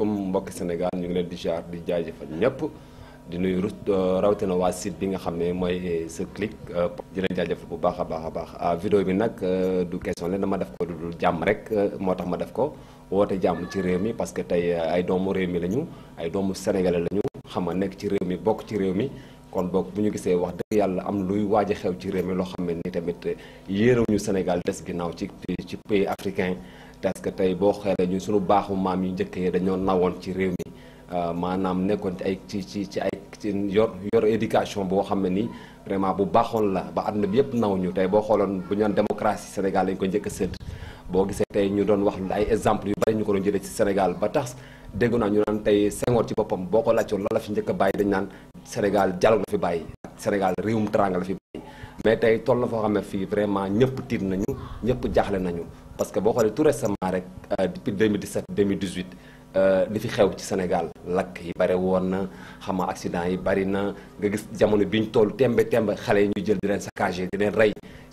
comme mbokki Sénégal ñu ngi leen di jaar di jaajëfal ñëpp di nuyu euh, rawatina waa site bi nga xam ne mooy Senclic euh, di leen jaajëfal bu baax a baax a baax ah vidéo bi nag euh, du question la dama def ko du jàmm rek moo tax ma def ko woote jàmm ci réew mi parce que tey ay doomu réew mi lañu ay doomu sénégalais lañu xam nga nekk ci réew mi bokk ci réew mi. kon boog bu ñu gisee wax dëkk yàlla am luy waaj a xew ci réew mi loo xam ne ni tamit yéeruñu Sénégal des ginnaaw ci ci pays africain parce que tey boo xoolee ñun suñu baaxu maam yu njëkk yi dañoo nawoon ci réew mi euh, maanaam nekkoon ci ay ci ci ci ay yor yor éducation boo xam ne nii vraiment bu baaxoon la ba àdduna bi yëpp naw ñu tey boo xooloon bu ñu naan démocratie Sénégal dañ ko njëkk a boo gisee tey ñu doon wax ay exemple yu bari ñu ko doon jëlee ci Sénégal ba tax dégg naa ñu naan tey Senghor ci boppam boo ko laajoon la la fi njëkk a bàyyi dañ naan Sénégal dialogue la fi bàyyi Sénégal réewum teraanga la fi mais tey toll na foo xam ne vraiment ñëpp tiit nañu ñëpp jaaxle nañu parce que boo xoolee tout récemment rek euh, depuis 2017 2018 euh, li fi xew ci Sénégal lakk yi bare woon na xam nga accident yi bari na nga gis jamono bi ñu toll tembe tembe xale yi ñu jël di leen saccagé di leen rey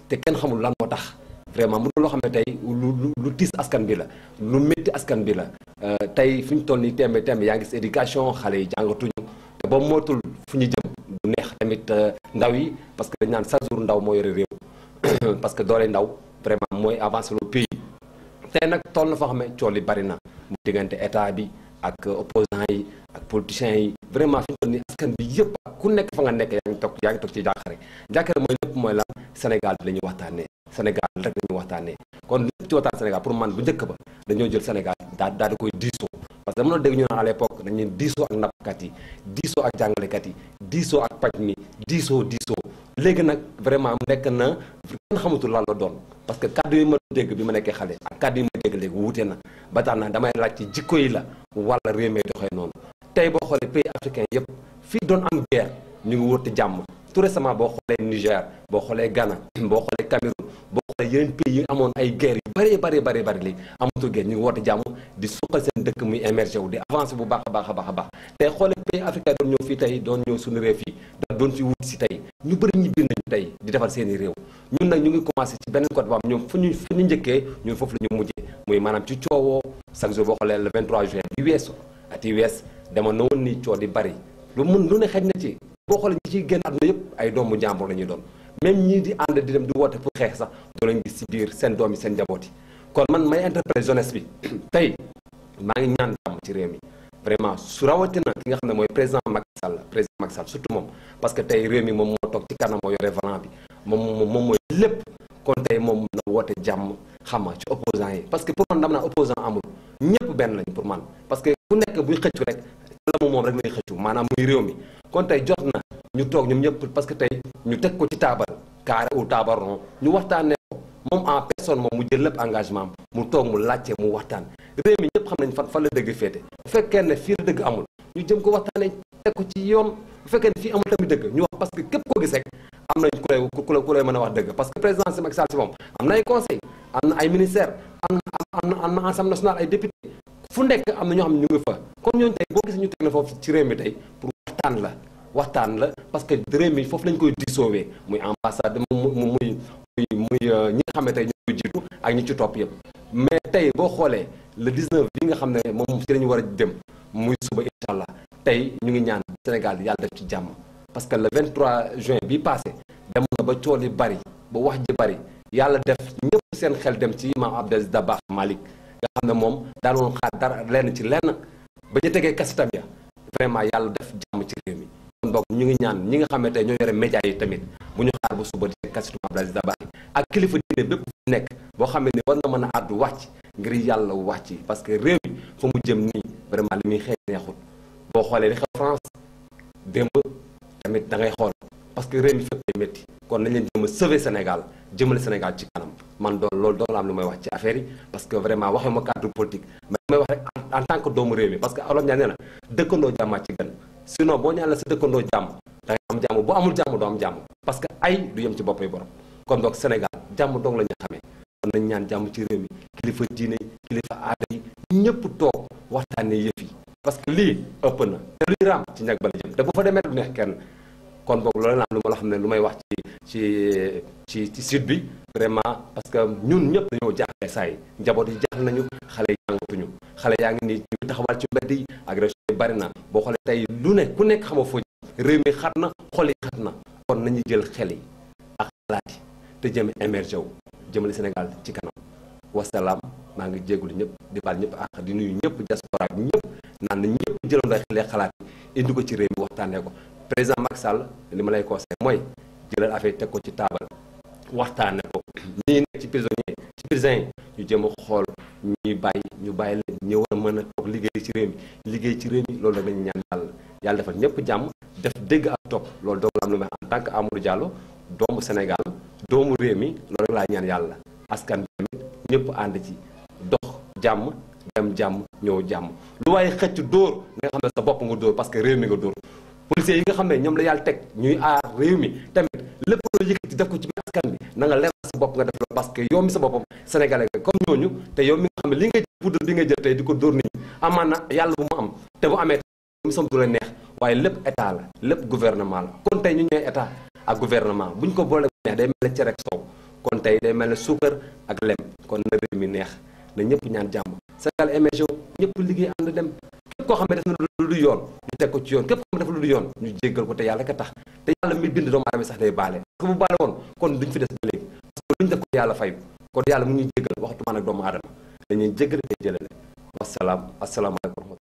te kenn xamul lan moo tax vraiment mënu loo xam ne tey lu lu tiis askan bi la lu métti askan bi la euh, tey fi ñu toll nii tembe tembe yaa ngi gis éducation xale yi jàngatuñu te ba mootul fu ñu jëm du neex tamit ndaw yi parce que dañ naan chaque jour ndaw moo yore réew parce que doole ndaw tey nag toll na foo xam ne coow li na mu diggante état bi ak opposants yi ak politiciens yi vraiment fi ñu toll askan bi yëpp ku nekk fa nga nekk yaa ngi toog yaa ngi toog ci jàkkaare jàkkaare mooy lépp mooy lan Sénégal bi la ñuy waxtaanee Sénégal rek la ñuy waxtaanee kon lépp ci waxtaan Sénégal pour man bu njëkk ba dañoo jël Sénégal daal daal di koy diisoo parce que dama doon dégg ñu naan à l'époque dañu leen diisoo ak nappkat yi diisoo ak jàngalekat yi diisoo ak paj mi diisoo diisoo léegi nag vraiment mu nekk na xamatul lan la léegi bi ma nekkee xale ak kàddu yi ma dégg léegi wuute na ba tax na damay laaj ci jikko yi la wala réew mi doxee noonu tey boo xoolee pays africain yëpp fii doon am guerre ñu ngi wóote jàmm ture sama boo xoolee Niger boo xoolee Ghana boo xoolee Cameroun boo xoolee yeneen pays yi amoon ay guerre yu bëree bëri bëri bëri léegi amatu guerre ñu ngi woote jàmm di suqal seen dëkk muy émergé wu di avancé bu baax a baax a baax a baax tey xoolee pays africain doon ñëw fii tey doon ñëw suñu réew fii doon fi wut si tey ñu bëri ñibbi nañu tey di defar seeni réew ñun nag ñu ngi commencé ci beneen côté ba am ñoom fu ñu fu ñu njëkkee ñun foofu la ñu mujjee muy maanaam ci coowoo chaque jour boo xoolee le 23 juin bi weesu at yi wees dama na woon ni coow di bari lu mun lu ne xej na ci boo xoolee ñi ciy génn àdduna yëpp ay doomu njàmbur la ñuy doon même ñii di ànd di dem di woote pour xeex sax doo leen gis ci biir seen doom yi seen njaboot yi kon man may interpellé jeunesse bi tey maa ngi ñaan jàmm ci réew mi vraiment su rawatina ki nga ne mooy président Macky Sall président Macky moom parce que tey réew mi moom moo toog ci kanam moo yore moom moom mooy lépp kon tey moom na woote jàmm xama ci opposant yi parce que pour man dam naa opposant amul ñëpp benn lañ pour man parce que ku nekk buy xëccu rek la mu moom rek lay xëccu maanaam muy réew mi kon tey jot na ñu toog ñoom ñëpp parce que tey ñu teg ko ci taabal carré ou taabal rond ñu waxtaanee ko moom en personne moom mu jël lépp engagement mu toog mu laajte mu waxtaan réew mi ñëpp xam nañ fan fan la dëgg féete bu fekkee ne fii la dëgg amul ñu jëm ko waxtaanee teg ko ci yoon bu fekkee ne fii amul tamit dëgg ñu wax parce que képp koo gis rek am nañ ku lay ku lay ku lay mën a wax dëgg parce que am na am na am na am na ay député fu nekk am na ñoo xam ne ñu ngi fa kon ñooñu tey boo gis ñu tey la waxtaan que réew mi foofu lañ koy dissoowee muy ambassade mu muy muy euh, ñi nga xam ne tey ñu koy jiitu ak ñi ci topp yëpp mais tey boo xoolee le 19 bi nga xam ne moom ci lañu war a dem muy suba incha tey ñu ngi ñaan Sénégal yàlla def ci jàmm parce que le 23 juin bi passé dem na ba cool bari ba wax ji bari yàlla def ñëpp seen xel dem ci ma Abdel Dabakh Malick nga xam ne moom daaloon xaar dara lenn ci lenn ba ñu tegee kasetam ya vraiment yàlla def jàmm ci réew mi kon boog ñu ngi ñaan ñi nga xam ne tey ñoo yore média yi tamit bu ñu xaar ba suba di kasetu Abdel Aziz Dabakh ak kilifa diine bépp fi nekk boo xamee ne war na mën a àddu ci ngir yàlla wàcc parce que réew mi fa mu jëm nii vraiment li muy xëy neexut boo xoolee tamit da ngay xool parce que réew mi fépp ay métti kon nañ leen jëm a sauver Sénégal jëmale Sénégal ci kanam wax ci affaire yi parce que vraiment waxee ma cadre politique mais may wax rek en tant que doomu réew mi sinon boo ñaan la sa dëkkandoo jàmm da am jàmm boo amul jàmm doo am jàmm parce que ay du yem ci boppay borom kon donc Sénégal jàmm dong la ñu xamee kon nañ ñaan jàmm ci réew mi kilifa diine kilifa aada yi ñëpp toog waxtaanee yëf yi parce que lii ëpp na te luy raam ci ñag bala te bu fa demee du neex kenn kon boog loolu laa am lu ma la xam ne lu may wax ci ci ci ci sud bi vraiment parce que ñun ñëpp dañoo jaaxle saa yi njaboot yi jaaxle nañu xale yi jàngatuñu xale yaa ngi nii ñu taxawal ci mbedd yi bari na boo xoolee tey lu ne ku nekk xamoo foo réew mi xat na xol yi na kon nañu jël xel yi ak xalaat yi te jëm émerger wu jëmale Sénégal ci kanam wasalaam maa ngi jégalu ñëpp di baal ñëpp ak di nuyu ñëpp diaspora bi ñëpp naan nañu ñëpp jëloon la xel xalaat yi indi ko ci réew mi waxtaanee ko président Macky Sall li ma lay conseil mooy jëlal affaire teg ko ci taabal waxtaane ko ñii nekk ci prisonnier ci prison yi ñu jëm a xool ñuy bàyyi ñu bàyyi leen ñëw a mën a toog liggéey ci réew mi liggéey ci réew mi loolu dañu ñaan yàlla yàlla defal ñëpp jàmm def dégg ak topp loolu doomu la am lu may en tant que Amadou Diallo doomu Sénégal doomu réew mi loolu laa ñaan yàlla askan bi tamit ànd ci dox jàmm dem jàmm ñëw jàmm lu waaye xëcc dóor nga xam ne sa bopp que réew mi nga dóor policiers yi nga xam ne ñoom la yàlla teg ñuy aar réew mi tamit lépp loo yëkkati def ko ci biir askan bi na nga leer sa bopp nga def la parce que yow mi sa boppam sénégalais nga comme ñooñu te yow mi nga xam ne li ngay poudre bi nga jël tey di ko dóor nit amaan na yàlla bu mu am te bu amee mi sam du la neex waaye lépp état la lépp gouvernement la kon tey ñu ñooy état ak gouvernement bu ñu ko boole neex day mel ne cere ak soow kon tey day mel ne suukar ak lem kon na réew mi neex na ñëpp ñaan jàmm Sénégal émergé ñëpp liggéey ànd dem képp koo xam ne def na lu du yoon ñu teg ko ci yoon képp koo xam def lu du yoon ñu jéggal ko te yàlla ka tax te yàlla mi bind doomu aadama sax day baale parce bu baale woon kon duñ fi des ba léegi parce que luñ def ko yàlla fayu kon yàlla mu ñuy jéggal waxtu man ak doomu aadama dañuy jéggal te jëlale wasalaam asalaamaaleykum